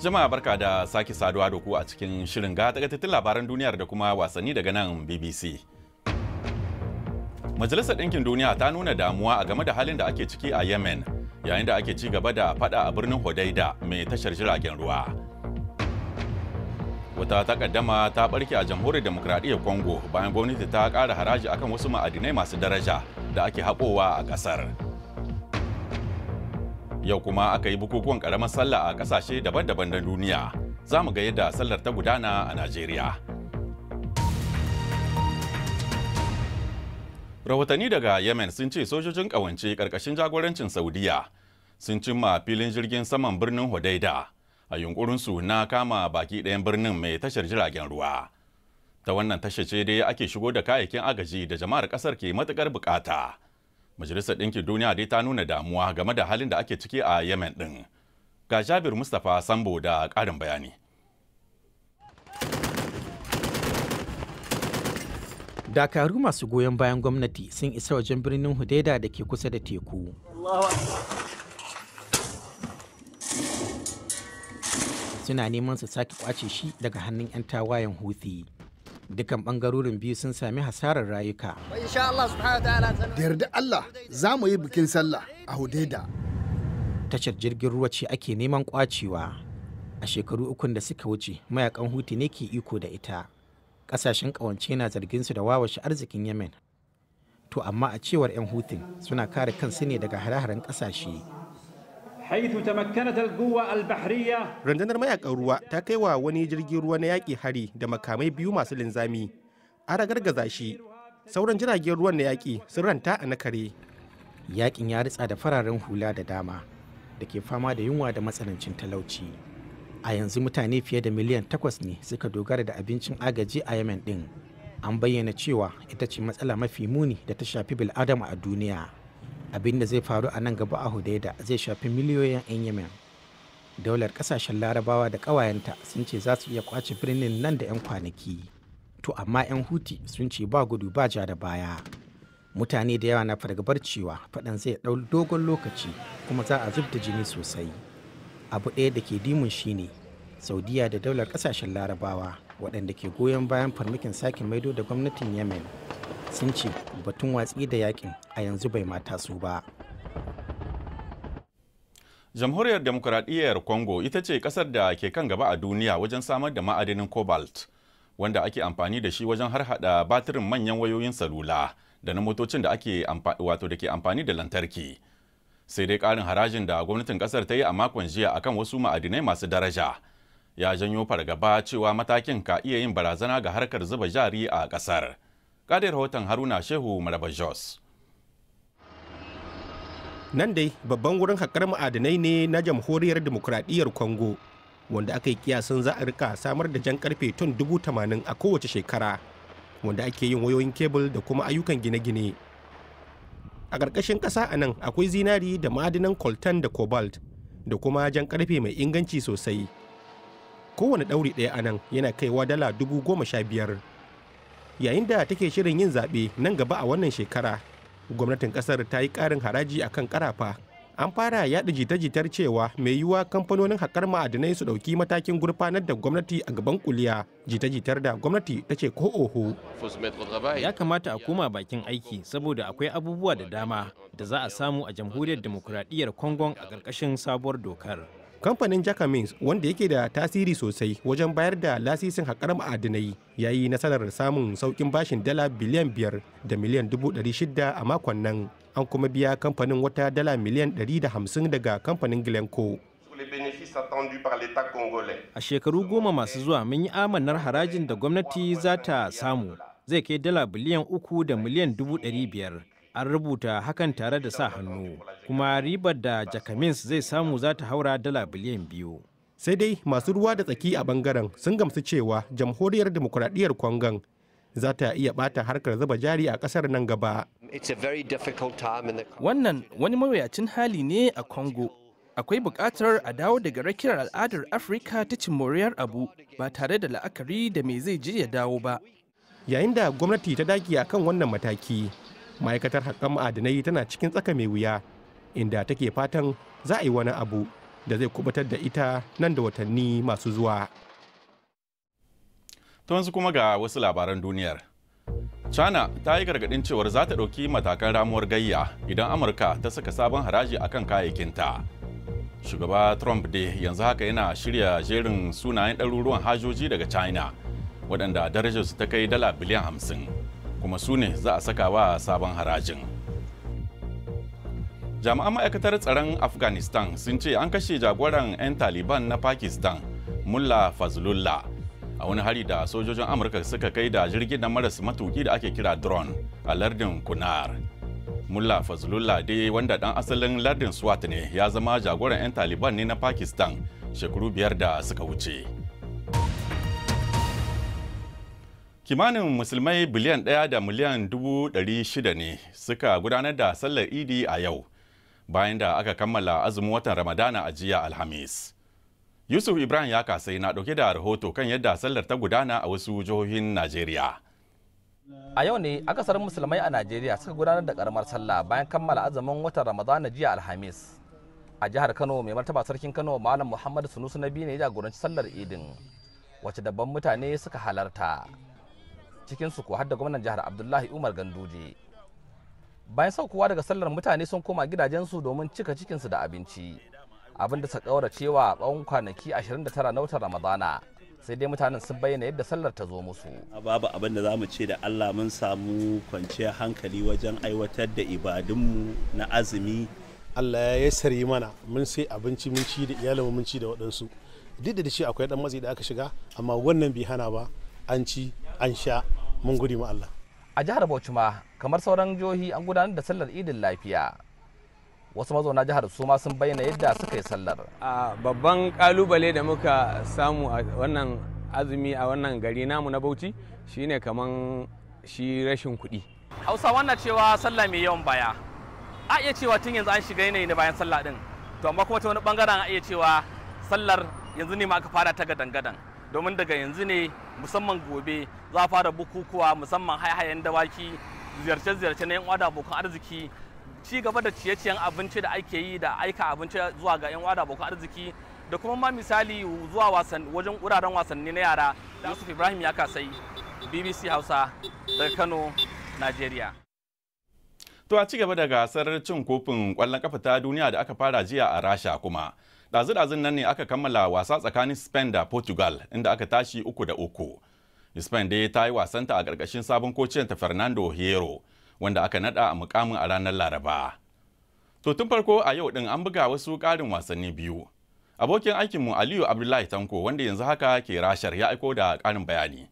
Jama'a barka da sake saduwa da ku a cikin shirin ga labaran duniyar da kuma wasanni daga nan BBC. Majalisar Ɗinkin Duniya ta nuna damuwa a game da halin da ake ciki a Yemen yayin da ake ci gaba da fada a birnin Hodeida mai tashar jiragen ruwa. Wata takaddama ta barke a jamhuriyar demokradiyyar Congo bayan gwamnati ta kara haraji akan wasu ma'adinai masu daraja da ake haƙowa a ƙasar. Yau kuma aka yi bukukuwan ƙaramar sallah a ƙasashe daban-daban na duniya. Za mu ga yadda sallar ta gudana a Najeriya. rahotanni daga yemen sun ce sojojin ƙawance ƙarƙashin jagorancin saudiya sun cimma filin jirgin saman birnin hodaida a yunkurinsu na kama baki ɗayan birnin mai tashar jiragen ruwa ta wannan tashar ce dai ake shigo da kayayyakin agaji da jama'ar ƙasar ke matukar bukata majalisar ɗinkin duniya dai ta nuna damuwa game da halin da ake ciki a yemen ɗin ga jabir mustapha sambo da ƙarin bayani dakaru masu goyon bayan gwamnati sun isa wajen birnin hudaida da ke kusa da teku suna neman su sake kwace shi daga hannun 'yan tawayen huthi dukan bangarorin biyu sun sami hasarar rayuka da yarda allah za mu yi bikin sallah a hudaida tashar jirgin ruwa ce ake neman kwacewa a shekaru ukun da suka wuce mayakan huti ne ke iko da ita kasashen ƙawance na zargin su da wawashe arzikin yemen to amma a cewar 'yan hutun suna kare kansu ne daga hare-haren ƙasashe rundunar mayakan ruwa ta kai wa wani jirgin ruwa na yaƙi hari da makamai biyu masu linzami a gaza shi sauran jiragen ruwan na yaƙi sun ranta a na kare. yaƙin ya ritsa da fararen hula da dama da ke fama da yunwa da matsanancin talauci a yanzu mutane fiye da miliyan takwas ne suka dogara da abincin agaji a yemen din an bayyana cewa ita ce matsala mafi muni da ta shafi bil'adama a duniya abin da zai faru a nan gaba a hudaida zai shafi miliyoyin 'yan yemen daular kasashen larabawa da ƙawayenta sun ce za su iya kwace birnin nan da 'yan kwanaki to amma 'yan huti sun ce ba gudu ba ja da baya mutane da yawa na fargabar cewa faɗan zai ɗau dogon lokaci kuma za a zub jini sosai abu ɗaya da ke dimun shine saudiya da daular kasashen larabawa waɗanda ke goyon bayan farmakin sake maido da gwamnatin yemen sun ce batun watsi da yakin a yanzu bai mata su ba jamhuriyar demokuraɗiyyar congo ita ce ƙasar da ke kan gaba a duniya wajen samar da ma'adinin cobalt wanda ake amfani da shi wajen harhaɗa batirin manyan wayoyin salula da na motocin da ake wato da ke amfani da lantarki sai dai ƙarin harajin da gwamnatin ƙasar ta yi a makon jiya akan wasu ma'adinai masu daraja ya janyo fargaba cewa matakin ka iya yin barazana ga harkar zuba jari a ƙasar kadai rahoton haruna shehu maraba jos nan dai babban wurin haƙar ma'adinai ne na jamhuriyar demokuraɗiyyar congo wanda aka yi kiyasin za a rika samar da jan karfe tun dubu tamanin a kowace shekara wanda ake yin wayoyin kebul da kuma ayyukan gine-gine a ƙarƙashin ƙasa a nan akwai zinari da ma'adinan coltan da cobalt da kuma jan ƙarfe mai inganci sosai kowane ɗauri ɗaya a nan yana kaiwa dala dubu goma sha biyar yayin da take shirin yin zaɓe nan gaba a wannan shekara gwamnatin ƙasar ta yi ƙarin haraji akan ƙarafa an fara yaɗa jita-jitar cewa mai yiwuwa kamfanonin haƙar ma'adinai su ɗauki matakin gurfanar da gwamnati a gaban kuliya jita-jitar da gwamnati ta ce ko oho ya kamata a koma bakin aiki saboda akwai abubuwa da dama da za a samu a jamhuriyar demokuraɗiyyar kongon a ƙarƙashin sabuwar dokar kamfanin jakamins wanda yake da tasiri sosai wajen bayar da lasisin haƙar ma'adinai ya yi nasarar samun saukin bashin dala biliyan biyar da miliyan dubu ɗari shida a makon nan an kuma biya kamfanin wata dala miliyan 150 daga kamfanin gilenko. a shekaru goma masu zuwa mun yi amanar harajin da gwamnati za ta samu zai kai dala biliyan uku da miliyan dubu ɗari biyar an rubuta hakan tare da sa hannu kuma ribar da jakamins zai samu za ta haura dala biliyan biyu sai dai masu ruwa da tsaki a bangaren sun gamsu cewa jamhuriyar demokuraɗiyyar kwangan za ta iya ɓata harkar zuba jari a ƙasar nan gaba. Wannan wani mawuyacin hali ne a Congo. Akwai buƙatar a dawo daga rakiyar al'adar Afirka ta cimoriyar abu ba tare da la'akari da me zai je ya dawo ba. Yayin da gwamnati ta daki a kan wannan mataki, ma'aikatar haƙƙan ma'adanai tana cikin tsaka mai wuya, inda take fatan za a yi wani abu da zai kubutar da ita nan da watanni masu zuwa. ta su kuma ga wasu labaran duniyar. China ta yi gargaɗin cewar za ta ɗauki matakan ramuwar gayya idan Amurka ta saka sabon haraji akan kayayyakinta. Shugaba Trump dai yanzu haka yana shirya jerin sunayen ɗaruruwan hajoji daga China waɗanda darajarsu ta kai dala biliyan hamsin kuma su ne za a saka wa sabon harajin. Jami'an ma'aikatar tsaron Afghanistan sun ce an kashe jagoran 'yan Taliban na Pakistan, Mullah Fazlullah a wani hari da sojojin amurka suka kai da jirgin na maras matuki da ake kira drone a lardin kunar mullah fazlullah dai wanda dan asalin lardin swat ne ya zama jagoran 'yan taliban ne na pakistan shekaru biyar da suka wuce kimanin musulmai biliyan ɗaya da miliyan dubu shida ne suka gudanar da sallar idi a yau bayan da aka kammala azumin watan ramadana a jiya alhamis Yusuf Ibrahim ya kasai na dauke da rahoto kan yadda sallar ta gudana a wasu jihohin Najeriya. A yau ne akasarin musulmai a Najeriya suka gudanar da karamar sallah bayan kammala azumin watan Ramadana jiya Alhamis. A jihar Kano mai martaba sarkin Kano Malam Muhammad Sunusu Nabi ne ya jagoranci sallar Idin wacce dabban mutane suka halarta. Cikin su ko har da gwamnan jihar Abdullahi Umar Ganduje. Bayan saukowa daga sallar mutane sun koma gidajensu domin cika cikinsu da abinci. abin da ta kaura cewa a tsawon kwanaki 29 na watan ramadana sai dai mutanen sun bayyana yadda sallar ta zo musu babu abin da zamu ce da Allah mun samu kwanciyar hankali wajen aiwatar da ibadunmu na azumi Allah ya sare mana mun sai abinci mun ci da iyalinmu mun ci da waɗansu duk da shi akwai dan matsi da aka shiga amma wannan bai hana ba an ci an sha mun gudi ma Allah a jihar Bauchi ma kamar sauran jihohi an gudanar da sallar idin lafiya wasu mazauna jihar su ma sun bayyana yadda suka yi sallar a babban kalubale da muka samu a wannan azumi a wannan gari namu na bauchi shine kaman shi rashin kuɗi hausa wannan cewa sallah mai yawan baya a iya cewa tun yanzu an shiga yanayi na bayan sallah din to amma kuma ta wani bangaren a iya cewa sallar yanzu ne ma aka fara ta gadan-gadan domin daga yanzu ne musamman gobe za a fara bukukuwa musamman haihayen dawaki ziyarce-ziyarce na yan abokan arziki ci gaba da ciye-ciyen abinci da ake yi da aika abinci zuwa ga 'yan wada abokan arziki da kuma ma misali zuwa wajen wuraren wasanni na yara yusuf ibrahim ya kasai bbc hausa daga kano nigeria to a ci gaba da gasar cin kofin kwallon kafa ta duniya da aka fara jiya a rasha kuma ɗazu dazun nan ne aka kammala wasa tsakanin spain da portugal inda aka tashi uku da uku spain dai ta yi wasanta a ƙarƙashin sabon kocin ta fernando hierro wanda aka nada a mukamin a ranar Laraba. To tun farko a yau din an buga wasu karin wasanni biyu. Abokin aikinmu Aliyu Abdullahi Tanko wanda yanzu haka ke rashar ya aiko da karin bayani.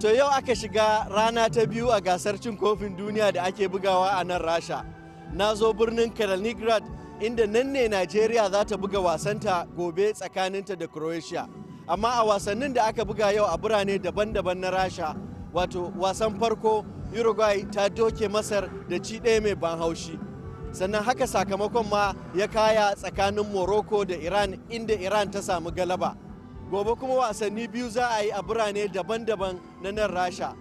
To yau aka shiga rana ta biyu a gasar cin kofin duniya da ake bugawa a nan Rasha. Na zo birnin Kaliningrad inda nan ne Najeriya za ta buga wasanta gobe tsakaninta da Croatia. Amma a wasannin da aka buga yau a birane daban-daban na Rasha wato wasan farko uruguay ta doke masar da ci ɗaya mai ban haushi sannan haka sakamakon ma ya kaya tsakanin morocco da iran inda iran ta samu galaba gobe kuma wasanni biyu za a yi a birane daban-daban na nan rasha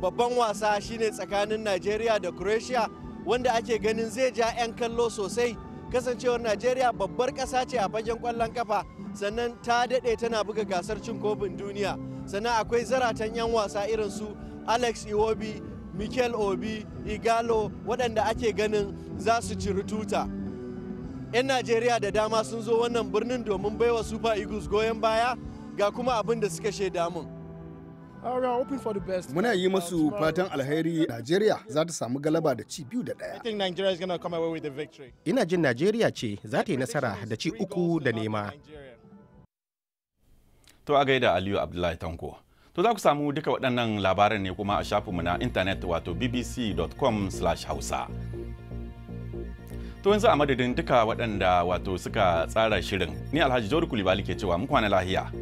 babban wasa shine tsakanin nigeria da croatia wanda ake ganin zai ja 'yan kallo sosai kasancewar najeriya babbar ƙasa ce a fagen ƙwallon kafa sannan ta daɗe tana buga gasar cin kofin duniya sannan akwai zaratan 'yan wasa irin su alex iwobi mikel obi igalo waɗanda ake ganin za su ciri tuta 'yan najeriya da dama sun zo wannan birnin domin baiwa super eagles goyon baya ga kuma abin da suka shaida mun Muna yi masu uh, fatan alheri Najeriya za ta samu galaba da ci biyu da ɗaya. Ina jin Najeriya ce za ta yi nasara da ci uku da nema. To a gaida Aliyu Abdullahi Tanko. To za ku samu duka waɗannan labaran ne kuma a shafinmu na intanet wato bbc.com/hausa. To yanzu a madadin duka waɗanda wato suka tsara shirin ni Alhaji Jauro Kulibali ke cewa mu kwana lahiya.